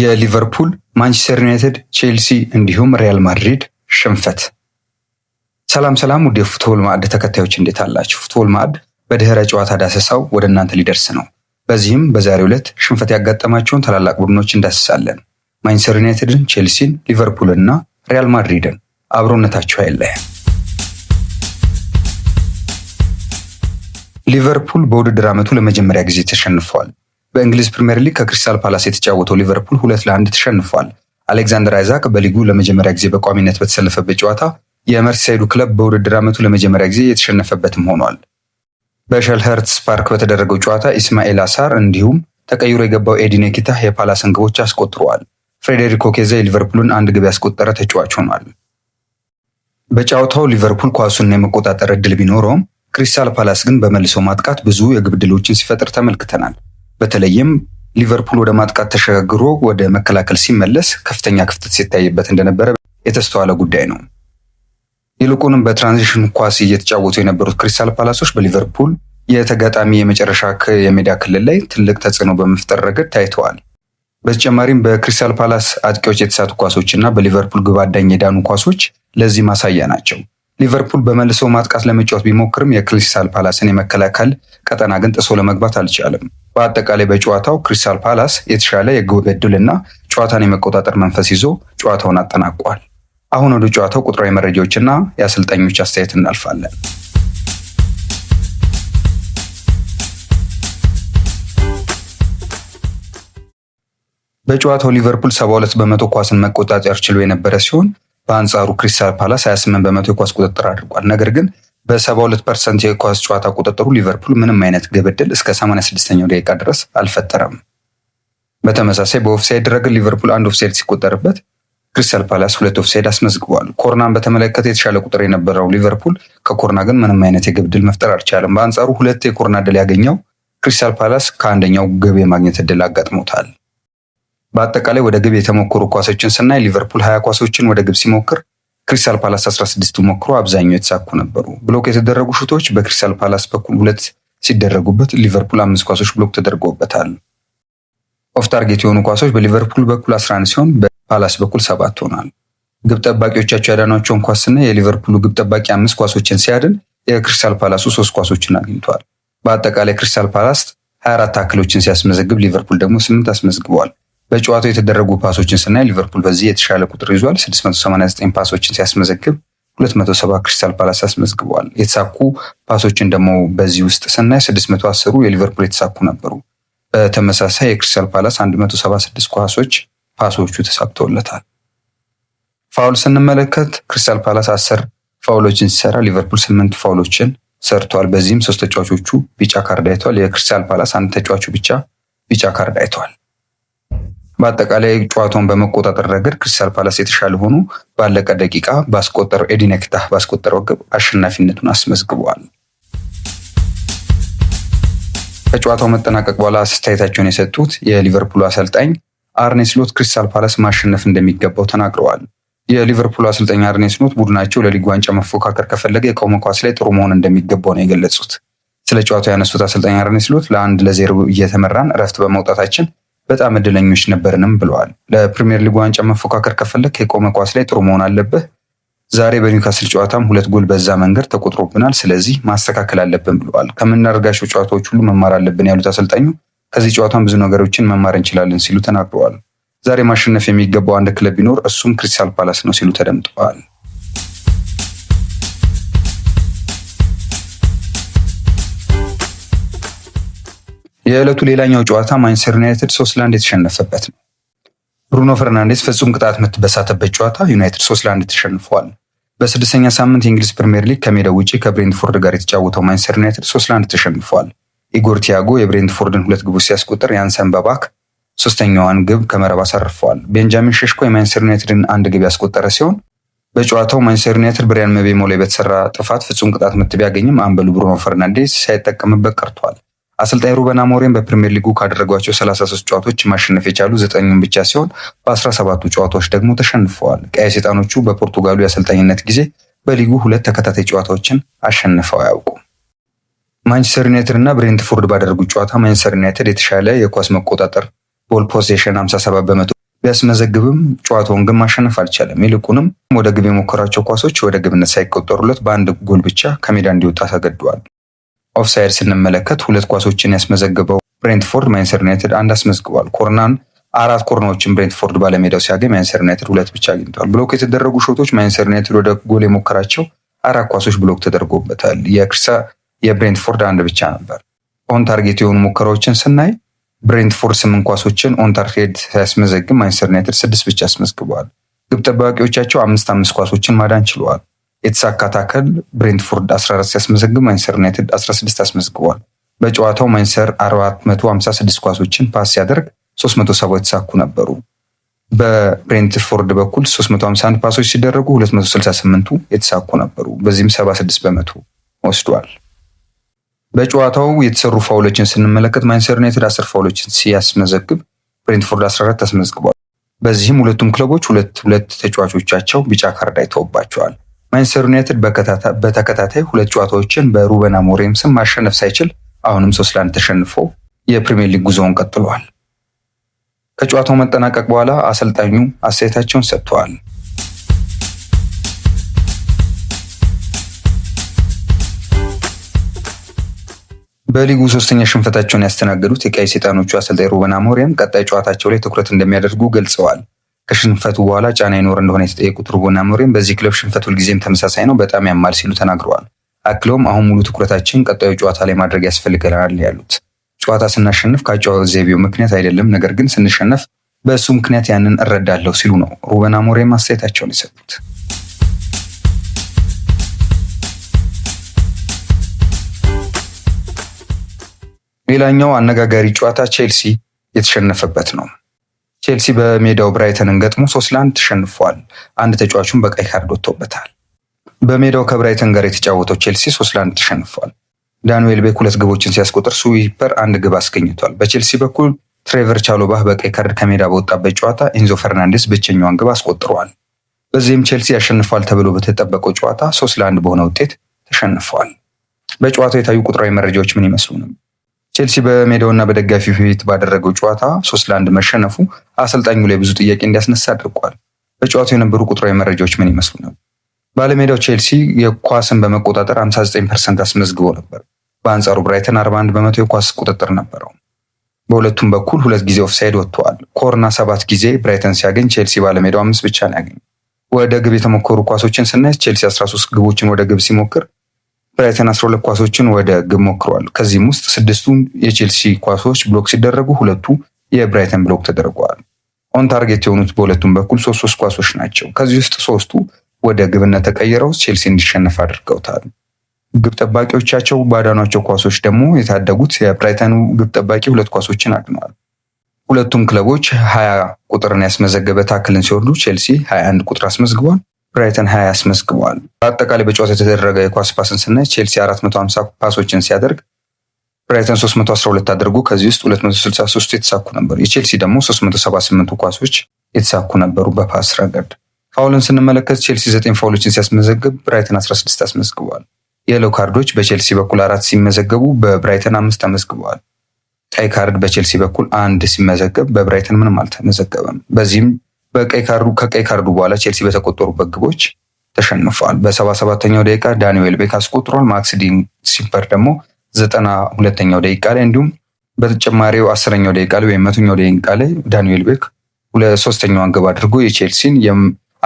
የሊቨርፑል፣ ማንቸስተር ዩናይትድ፣ ቼልሲ እንዲሁም ሪያል ማድሪድ ሽንፈት። ሰላም ሰላም ውድ የፉትቦል ማዕድ ተከታዮች እንዴት አላችሁ? ፉትቦል ማዕድ በድህረ ጨዋታ ዳሰሳው ወደ እናንተ ሊደርስ ነው። በዚህም በዛሬው ዕለት ሽንፈት ያጋጠማቸውን ታላላቅ ቡድኖች እንዳስሳለን። ማንቸስተር ዩናይትድን፣ ቼልሲን፣ ሊቨርፑል እና ሪያል ማድሪድን አብሮነታቸው አይለየ። ሊቨርፑል በውድድር ዓመቱ ለመጀመሪያ ጊዜ ተሸንፈዋል። በእንግሊዝ ፕሪምየር ሊግ ከክሪስታል ፓላስ የተጫወተው ሊቨርፑል ሁለት ለአንድ ተሸንፏል። አሌክዛንደር አይዛክ በሊጉ ለመጀመሪያ ጊዜ በቋሚነት በተሰለፈበት ጨዋታ የመርሲሳይዱ ክለብ በውድድር ዓመቱ ለመጀመሪያ ጊዜ የተሸነፈበትም ሆኗል። በሸልኸርትስ ፓርክ በተደረገው ጨዋታ ኢስማኤል አሳር እንዲሁም ተቀይሮ የገባው ኤዲን ኬቲያ የፓላስን ግቦች አስቆጥረዋል። ፍሬዴሪኮ ኬዛ የሊቨርፑልን አንድ ግብ ያስቆጠረ ተጫዋች ሆኗል። በጨዋታው ሊቨርፑል ኳሱን የመቆጣጠር እድል ቢኖረውም ክሪስታል ፓላስ ግን በመልሶ ማጥቃት ብዙ የግብ ሲፈጥር ተመልክተናል። በተለይም ሊቨርፑል ወደ ማጥቃት ተሸጋግሮ ወደ መከላከል ሲመለስ ከፍተኛ ክፍተት ሲታይበት እንደነበረ የተስተዋለ ጉዳይ ነው። ይልቁንም በትራንዚሽን ኳስ እየተጫወቱ የነበሩት ክሪስታል ፓላሶች በሊቨርፑል የተጋጣሚ የመጨረሻ የሜዳ ክልል ላይ ትልቅ ተጽዕኖ በመፍጠር ረገድ ታይተዋል። በተጨማሪም በክሪስታል ፓላስ አጥቂዎች የተሳቱ ኳሶች እና በሊቨርፑል ግብ አዳኝ የዳኑ ኳሶች ለዚህ ማሳያ ናቸው። ሊቨርፑል በመልሶ ማጥቃት ለመጫወት ቢሞክርም የክሪስታል ፓላስን የመከላከል ቀጠና ግን ጥሶ ለመግባት አልቻለም። በአጠቃላይ በጨዋታው ክሪስታል ፓላስ የተሻለ የግብ እና ጨዋታን የመቆጣጠር መንፈስ ይዞ ጨዋታውን አጠናቋል። አሁን ወደ ጨዋታው ቁጥራዊ መረጃዎችና የአሰልጣኞች አስተያየት እናልፋለን። በጨዋታው ሊቨርፑል 72 በመቶ ኳስን መቆጣጠር ችሎ የነበረ ሲሆን በአንጻሩ ክሪስታል ፓላስ 28 በመቶ የኳስ ቁጥጥር አድርጓል። ነገር ግን በ72 ፐርሰንት የኳስ ጨዋታ ቁጥጥሩ ሊቨርፑል ምንም አይነት ግብ ዕድል እስከ 86ኛው ደቂቃ ድረስ አልፈጠረም። በተመሳሳይ በኦፍሳይድ ረገድ ሊቨርፑል አንድ ኦፍሳይድ ሲቆጠርበት ክሪስታል ፓላስ ሁለት ኦፍሳይድ አስመዝግቧል። ኮርናን በተመለከተ የተሻለ ቁጥር የነበረው ሊቨርፑል ከኮርና ግን ምንም አይነት የግብ ዕድል መፍጠር አልቻለም። በአንጻሩ ሁለት የኮርና ዕድል ያገኘው ክሪስታል ፓላስ ከአንደኛው ግብ የማግኘት ዕድል አጋጥሞታል። በአጠቃላይ ወደ ግብ የተሞከሩ ኳሶችን ስናይ ሊቨርፑል ሀያ ኳሶችን ወደ ግብ ሲሞክር ክሪስታል ፓላስ 16 ሞክሮ አብዛኛው የተሳኩ ነበሩ። ብሎክ የተደረጉ ሹቶች በክሪስታል ፓላስ በኩል ሁለት ሲደረጉበት ሊቨርፑል አምስት ኳሶች ብሎክ ተደርገውበታል። ኦፍ ታርጌት የሆኑ ኳሶች በሊቨርፑል በኩል 11 ሲሆን በፓላስ በኩል ሰባት ሆኗል። ግብ ጠባቂዎቻቸው ያዳኗቸውን ኳስ ኳስና የሊቨርፑሉ ግብ ጠባቂ አምስት ኳሶችን ሲያድን የክሪስታል ፓላሱ ሶስት ኳሶችን አግኝቷል። በአጠቃላይ ክሪስታል ፓላስ 24 ታክሎችን ሲያስመዘግብ ሊቨርፑል ደግሞ ስምንት አስመዝግቧል። በጨዋታው የተደረጉ ፓሶችን ስናይ ሊቨርፑል በዚህ የተሻለ ቁጥር ይዟል። 689 ፓሶችን ሲያስመዘግብ 270 ክሪስታል ፓላስ አስመዝግበዋል። የተሳኩ ፓሶችን ደግሞ በዚህ ውስጥ ስናይ 610 የሊቨርፑል የተሳኩ ነበሩ። በተመሳሳይ የክሪስታል ፓላስ 176 ኳሶች ፓሶቹ ተሳክተውለታል። ፋውል ስንመለከት ክሪስታል ፓላስ 10 ፋውሎችን ሲሰራ ሊቨርፑል 8 ፋውሎችን ሰርቷል። በዚህም ሶስት ተጫዋቾቹ ቢጫ ካርድ አይተዋል። የክሪስታል ፓላስ አንድ ተጫዋቹ ብቻ ቢጫ ካርድ አይተዋል። በአጠቃላይ ጨዋታውን በመቆጣጠር ረገድ ክሪስታል ፓላስ የተሻለ ሆኖ ባለቀ ደቂቃ ባስቆጠረው ኤዲነክታ ባስቆጠረው ግብ አሸናፊነቱን አስመዝግበዋል። ከጨዋታው መጠናቀቅ በኋላ አስተያየታቸውን የሰጡት የሊቨርፑል አሰልጣኝ አርኔ ስሎት ክሪስታል ፓላስ ማሸነፍ እንደሚገባው ተናግረዋል። የሊቨርፑል አሰልጣኝ አርኔ ስሎት ቡድናቸው ለሊግ ዋንጫ መፎካከር ከፈለገ የቆመ ኳስ ላይ ጥሩ መሆን እንደሚገባው ነው የገለጹት። ስለ ጨዋታው ያነሱት አሰልጣኝ አርኔ ስሎት ለአንድ ለዜሮ እየተመራን እረፍት በመውጣታችን በጣም እድለኞች ነበርንም ብለዋል። ለፕሪምየር ሊግ ዋንጫ መፎካከር ከፈለግ የቆመ ኳስ ላይ ጥሩ መሆን አለብህ። ዛሬ በኒውካስል ጨዋታም ሁለት ጎል በዛ መንገድ ተቆጥሮብናል፣ ስለዚህ ማስተካከል አለብን ብለዋል። ከምናደርጋቸው ጨዋታዎች ሁሉ መማር አለብን ያሉት አሰልጣኙ ከዚህ ጨዋታም ብዙ ነገሮችን መማር እንችላለን ሲሉ ተናግረዋል። ዛሬ ማሸነፍ የሚገባው አንድ ክለብ ቢኖር እሱም ክሪስታል ፓላስ ነው ሲሉ ተደምጠዋል። የዕለቱ ሌላኛው ጨዋታ ማንቸስተር ዩናይትድ ሶስት ለአንድ የተሸነፈበት ነው። ብሩኖ ፈርናንዴስ ፍጹም ቅጣት ምት በሳተበት ጨዋታ ዩናይትድ ሶስት ለአንድ ተሸንፏል። በስድስተኛ ሳምንት የእንግሊዝ ፕሪምየር ሊግ ከሜዳው ውጪ ከብሬንትፎርድ ጋር የተጫወተው ማንቸስተር ዩናይትድ ሶስት ለአንድ ተሸንፈዋል። ኢጎር ቲያጎ የብሬንትፎርድን ሁለት ግቡ ሲያስቆጥር ያንሰን በባክ ሶስተኛዋን ግብ ከመረብ አሳርፈዋል። ቤንጃሚን ሸሽኮ የማንቸስተር ዩናይትድን አንድ ግብ ያስቆጠረ ሲሆን በጨዋታው ማንቸስተር ዩናይትድ ብሪያን ምቤሞ ላይ በተሰራ ጥፋት ፍጹም ቅጣት ምት ቢያገኝም አምበሉ ብሩኖ ፈርናንዴስ ሳይጠቀምበት ቀርቷል። አሰልጣኝ ሩበን አሞሪም በፕሪሚየር ሊጉ ካደረጓቸው 33 ጨዋታዎች ማሸነፍ የቻሉ ዘጠኙን ብቻ ሲሆን በ17ቱ ጨዋታዎች ደግሞ ተሸንፈዋል። ቀይ ሰይጣኖቹ በፖርቱጋሉ የአሰልጣኝነት ጊዜ በሊጉ ሁለት ተከታታይ ጨዋታዎችን አሸንፈው አያውቁም። ማንቸስተር ዩናይትድ እና ብሬንትፎርድ ባደረጉት ጨዋታ ማንቸስተር ዩናይትድ የተሻለ የኳስ መቆጣጠር ቦል ፖዚሽን 57 በመቶ ቢያስመዘግብም ጨዋታውን ግን ማሸነፍ አልቻለም። ይልቁንም ወደ ግብ የሞከራቸው ኳሶች ወደ ግብነት ሳይቆጠሩለት በአንድ ጎል ብቻ ከሜዳ እንዲወጣ ተገደዋል። ኦፍሳይድ ስንመለከት ሁለት ኳሶችን ያስመዘግበው ብሬንትፎርድ ማንቸስተር ዩናይትድ አንድ አስመዝግቧል። ኮርናን አራት ኮርናዎችን ብሬንትፎርድ ባለሜዳው ሲያገኝ ማንቸስተር ዩናይትድ ሁለት ብቻ አግኝቷል። ብሎክ የተደረጉ ሾቶች ማንቸስተር ዩናይትድ ወደ ጎል የሞከራቸው አራት ኳሶች ብሎክ ተደርጎበታል። የክርሳ የብሬንትፎርድ አንድ ብቻ ነበር። ኦን ታርጌት የሆኑ ሙከራዎችን ስናይ ብሬንትፎርድ ስምንት ኳሶችን ኦን ታርጌት ሲያስመዘግብ ማንቸስተር ዩናይትድ ስድስት ብቻ አስመዝግበዋል። ግብ ጠባቂዎቻቸው አምስት አምስት ኳሶችን ማዳን ችለዋል። የተሳካ ታከል ብሬንትፎርድ 14 ሲያስመዘግብ ማንቸስተር ዩናይትድ 16 አስመዝግቧል። በጨዋታው ማንቸስተር 456 ኳሶችን ፓስ ሲያደርግ 370 የተሳኩ ነበሩ። በብሬንትፎርድ በኩል 351 ፓሶች ሲደረጉ 268ቱ የተሳኩ ነበሩ። በዚህም 76 በመቶ ወስዷል። በጨዋታው የተሰሩ ፋውሎችን ስንመለከት ማንቸስተር ዩናይትድ 10 ፋውሎችን ሲያስመዘግብ ብሬንትፎርድ 14 አስመዝግቧል። በዚህም ሁለቱም ክለቦች ሁለት ሁለት ተጫዋቾቻቸው ቢጫ ካርድ አይተውባቸዋል። ማንቸስተር ዩናይትድ በተከታታይ ሁለት ጨዋታዎችን በሩበን አሞሪም ስም ማሸነፍ ሳይችል አሁንም ሶስት ለአንድ ተሸንፎ የፕሪሚየር ሊግ ጉዞውን ቀጥሏል። ከጨዋታው መጠናቀቅ በኋላ አሰልጣኙ አስተያየታቸውን ሰጥተዋል። በሊጉ ሶስተኛ ሽንፈታቸውን ያስተናገዱት የቀይ ሰይጣኖቹ አሰልጣኝ ሩበን አሞሪም ቀጣይ ጨዋታቸው ላይ ትኩረት እንደሚያደርጉ ገልጸዋል። ከሽንፈቱ በኋላ ጫና ይኖር እንደሆነ የተጠየቁት ሩበን አሞሪም በዚህ ክለብ ሽንፈት ሁልጊዜም ተመሳሳይ ነው፣ በጣም ያማል ሲሉ ተናግረዋል። አክለውም አሁን ሙሉ ትኩረታችን ቀጣዩ ጨዋታ ላይ ማድረግ ያስፈልገናል ያሉት ጨዋታ ስናሸንፍ ከአጨዋወት ዘይቤው ምክንያት አይደለም፣ ነገር ግን ስንሸነፍ በእሱ ምክንያት ያንን እረዳለሁ ሲሉ ነው ሩበን አሞሪም አስተያየታቸውን የሰጡት። ሌላኛው አነጋጋሪ ጨዋታ ቼልሲ የተሸነፈበት ነው። ቼልሲ በሜዳው ብራይተንን ገጥሞ ሶስት ለአንድ ተሸንፏል። አንድ ተጫዋቹም በቀይ ካርድ ወጥቶበታል። በሜዳው ከብራይተን ጋር የተጫወተው ቼልሲ ሶስት ለአንድ ተሸንፏል። ዳንኤል ቤክ ሁለት ግቦችን ሲያስቆጥር ስዊፐር አንድ ግብ አስገኝቷል። በቼልሲ በኩል ትሬቨር ቻሎባህ በቀይ ካርድ ከሜዳ በወጣበት ጨዋታ ኢንዞ ፈርናንዴስ ብቸኛዋን ግብ አስቆጥሯል። በዚህም ቼልሲ ያሸንፏል ተብሎ በተጠበቀው ጨዋታ ሶስት ለአንድ በሆነ ውጤት ተሸንፏል። በጨዋታው የታዩ ቁጥራዊ መረጃዎች ምን ይመስሉ ነው? ቼልሲ በሜዳውና በደጋፊው ፊት ባደረገው ጨዋታ ሶስት ለአንድ መሸነፉ አሰልጣኙ ላይ ብዙ ጥያቄ እንዲያስነሳ አድርጓል። በጨዋታው የነበሩ ቁጥራዊ መረጃዎች ምን ይመስሉ ነው ባለሜዳው ቼልሲ የኳስን በመቆጣጠር 59 ፐርሰንት አስመዝግቦ ነበር። በአንጻሩ ብራይተን 41 በመቶ የኳስ ቁጥጥር ነበረው። በሁለቱም በኩል ሁለት ጊዜ ኦፍሳይድ ወጥተዋል። ኮርና ሰባት ጊዜ ብራይተን ሲያገኝ ቼልሲ ባለሜዳው አምስት ብቻ ነው ያገኘ። ወደ ግብ የተሞከሩ ኳሶችን ስናይ ቼልሲ 13 ግቦችን ወደ ግብ ሲሞክር ብራይተን 12 ኳሶችን ወደ ግብ ሞክረዋል። ከዚህም ውስጥ ስድስቱን የቼልሲ ኳሶች ብሎክ ሲደረጉ ሁለቱ የብራይተን ብሎክ ተደርገዋል። ኦን ታርጌት የሆኑት በሁለቱም በኩል ሶስት ሶስት ኳሶች ናቸው። ከዚህ ውስጥ ሶስቱ ወደ ግብነት ተቀይረው ቼልሲ እንዲሸነፍ አድርገውታል። ግብ ጠባቂዎቻቸው ባዳኗቸው ኳሶች ደግሞ የታደጉት የብራይተኑ ግብ ጠባቂ ሁለት ኳሶችን አድነዋል። ሁለቱም ክለቦች ሀያ ቁጥርን ያስመዘገበ ታክልን ሲወርዱ ቼልሲ ሀያ አንድ ቁጥር አስመዝግቧል። ብራይተን ሀያ አስመዝግቧል። በአጠቃላይ በጨዋታ የተደረገ የኳስ ፓስን ስናይ ቼልሲ 450 ፓሶችን ሲያደርግ ብራይተን 312 አድርጎ ከዚህ ውስጥ 263 የተሳኩ ነበሩ። የቼልሲ ደግሞ 378 ኳሶች የተሳኩ ነበሩ በፓስ ረገድ። ፋውልን ስንመለከት ቼልሲ 9 ፋውሎችን ሲያስመዘግብ ብራይተን 16 አስመዝግቧል። የሎ ካርዶች በቼልሲ በኩል አራት ሲመዘገቡ በብራይተን አምስት ተመዝግበዋል። ቀይ ካርድ በቼልሲ በኩል አንድ ሲመዘገብ በብራይተን ምንም አልተመዘገበም። በዚህም በቀይ ካርዱ ከቀይ ካርዱ በኋላ ቼልሲ በተቆጠሩበት ግቦች ተሸንፏል። በሰባ ሰባተኛው ደቂቃ ዳንኤል ቤክ አስቆጥሯል። ማክስ ዲሲምፐር ደግሞ ዘጠና ሁለተኛው ደቂቃ ላይ እንዲሁም በተጨማሪው አስረኛው ደቂቃ ላይ ወይም መቶኛው ደቂቃ ላይ ዳንኤል ቤክ ሶስተኛዋን ግብ አድርጎ የቼልሲን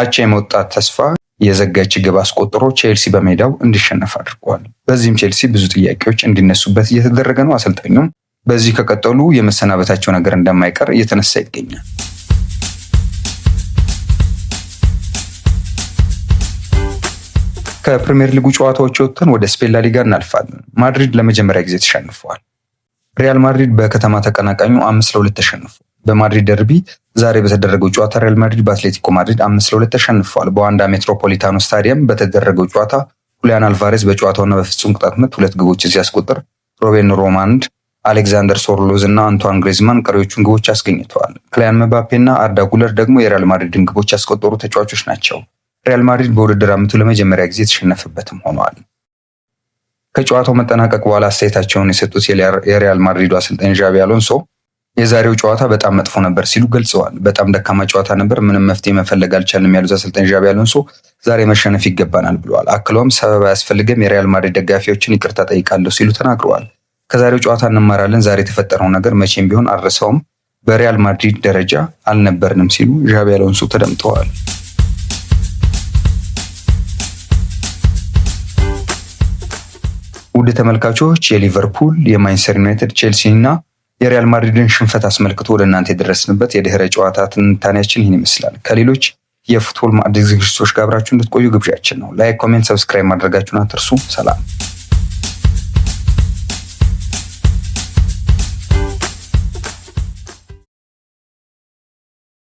አቻ የመውጣት ተስፋ የዘጋች ግብ አስቆጥሮ ቼልሲ በሜዳው እንዲሸነፍ አድርጓል። በዚህም ቼልሲ ብዙ ጥያቄዎች እንዲነሱበት እየተደረገ ነው። አሰልጣኙም በዚህ ከቀጠሉ የመሰናበታቸው ነገር እንደማይቀር እየተነሳ ይገኛል። ከፕሪምየር ሊጉ ጨዋታዎች ወጥተን ወደ ስፔን ላሊጋ እናልፋለን። ማድሪድ ለመጀመሪያ ጊዜ ተሸንፈዋል። ሪያል ማድሪድ በከተማ ተቀናቃኙ አምስት ለሁለት ተሸንፏል። በማድሪድ ደርቢ ዛሬ በተደረገው ጨዋታ ሪያል ማድሪድ በአትሌቲኮ ማድሪድ አምስት ለሁለት ተሸንፏል። በዋንዳ ሜትሮፖሊታኖ ስታዲየም በተደረገው ጨዋታ ሁሊያን አልቫሬዝ በጨዋታውና በፍጹም ቅጣት ምት ሁለት ግቦችን ሲያስቆጥር ሮቤን ሮማንድ፣ አሌክዛንደር ሶርሎዝ እና አንቷን ግሬዝማን ቀሪዎቹን ግቦች አስገኝተዋል። ክሊያን መባፔ እና አርዳ ጉለር ደግሞ የሪያል ማድሪድን ግቦች ያስቆጠሩ ተጫዋቾች ናቸው። ሪያል ማድሪድ በውድድር ዓመቱ ለመጀመሪያ ጊዜ የተሸነፈበትም ሆኗል። ከጨዋታው መጠናቀቅ በኋላ አስተያየታቸውን የሰጡት የሪያል ማድሪዱ አሰልጣኝ ዣቢ አሎንሶ የዛሬው ጨዋታ በጣም መጥፎ ነበር ሲሉ ገልጸዋል። በጣም ደካማ ጨዋታ ነበር፣ ምንም መፍትሄ መፈለግ አልቻለም ያሉት አሰልጣኝ ዣቢ አሎንሶ ዛሬ መሸነፍ ይገባናል ብለዋል። አክለውም ሰበብ አያስፈልግም፣ የሪያል ማድሪድ ደጋፊዎችን ይቅርታ ጠይቃለሁ ሲሉ ተናግረዋል። ከዛሬው ጨዋታ እንማራለን፣ ዛሬ የተፈጠረው ነገር መቼም ቢሆን አልረሳውም፣ በሪያል ማድሪድ ደረጃ አልነበርንም ሲሉ ዣቢ አሎንሶ ተደምጠዋል። ውድ ተመልካቾች የሊቨርፑል የማንቸስተር ዩናይትድ፣ ቼልሲ እና የሪያል ማድሪድን ሽንፈት አስመልክቶ ወደ እናንተ የደረስንበት የድህረ ጨዋታ ትንታኔያችን ይህን ይመስላል። ከሌሎች የፉትቦል ማዕድ ዝግጅቶች ጋር አብራችሁ እንድትቆዩ ግብዣችን ነው። ላይክ፣ ኮሜንት፣ ሰብስክራይብ ማድረጋችሁን አትርሱ። ሰላም